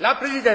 La Presidente.